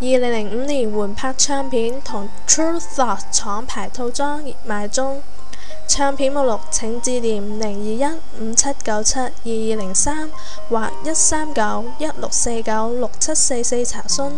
二零零五年緩拍唱片同 True Thought 廠牌套裝熱賣中，唱片目錄請致電零二一五七九七二二零三或一三九一六四九六七四四查詢。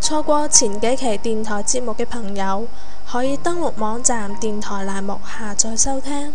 錯過前幾期電台節目嘅朋友，可以登錄網站電台欄目下載收聽。